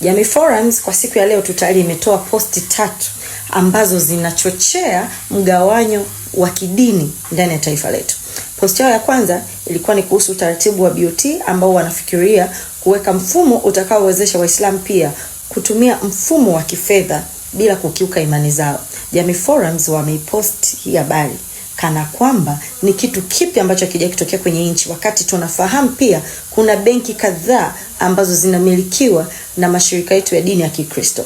Jamii Forums kwa siku ya leo tutayari imetoa posti tatu ambazo zinachochea mgawanyo wa kidini ndani ya taifa letu. Posti yao ya kwanza ilikuwa ni kuhusu utaratibu wa BOT ambao wanafikiria kuweka mfumo utakaowezesha Waislamu pia kutumia mfumo wa kifedha bila kukiuka imani zao. Jamii Forums wameiposti hii habari kana kwamba ni kitu kipi ambacho hakija kitokea kwenye nchi, wakati tunafahamu pia kuna benki kadhaa ambazo zinamilikiwa na mashirika yetu ya dini ya Kikristo.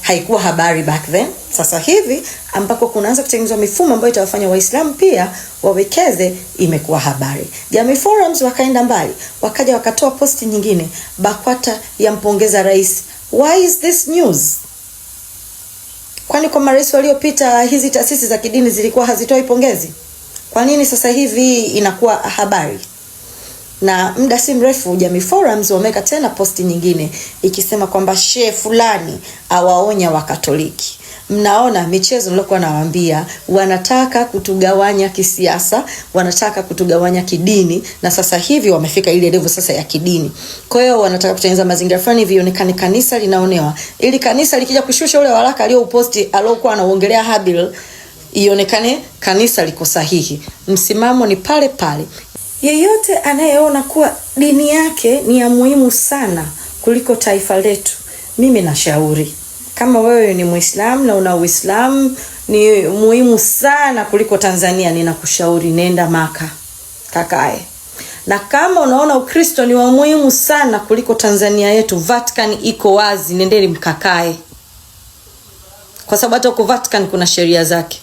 Haikuwa habari back then. Sasa hivi ambako kunaanza kutengenezwa mifumo ambayo itawafanya Waislamu pia wawekeze, imekuwa habari. Jamii Forums wakaenda mbali, wakaja wakatoa posti nyingine, BAKWATA yampongeza rais. Why is this news? Kwani kwa marais waliopita hizi taasisi za kidini zilikuwa hazitoi pongezi? Kwa nini sasa hivi inakuwa habari? na muda si mrefu Jamii Forums wameweka tena posti nyingine ikisema kwamba shehe fulani awaonya Wakatoliki. Mnaona michezo nilokuwa nawaambia, wanataka kutugawanya kisiasa, wanataka kutugawanya kidini, na sasa hivi wamefika ile level sasa ya kidini. Kwa hiyo wanataka kutengeneza mazingira fulani hivi ionekane kanisa linaonewa, ili kanisa likija kushusha ule waraka aliyouposti aliokuwa anauongelea Habil, ionekane kanisa liko sahihi. Msimamo ni pale pale. Yeyote anayeona kuwa dini yake ni ya muhimu sana kuliko taifa letu, mimi nashauri kama wewe ni Muislamu na una Uislamu ni muhimu sana kuliko Tanzania, ninakushauri nenda Maka kakae. Na kama unaona Ukristo ni wa muhimu sana kuliko Tanzania yetu, Vatican iko wazi, nendeni mkakae, kwa sababu hata huko Vatican kuna sheria zake.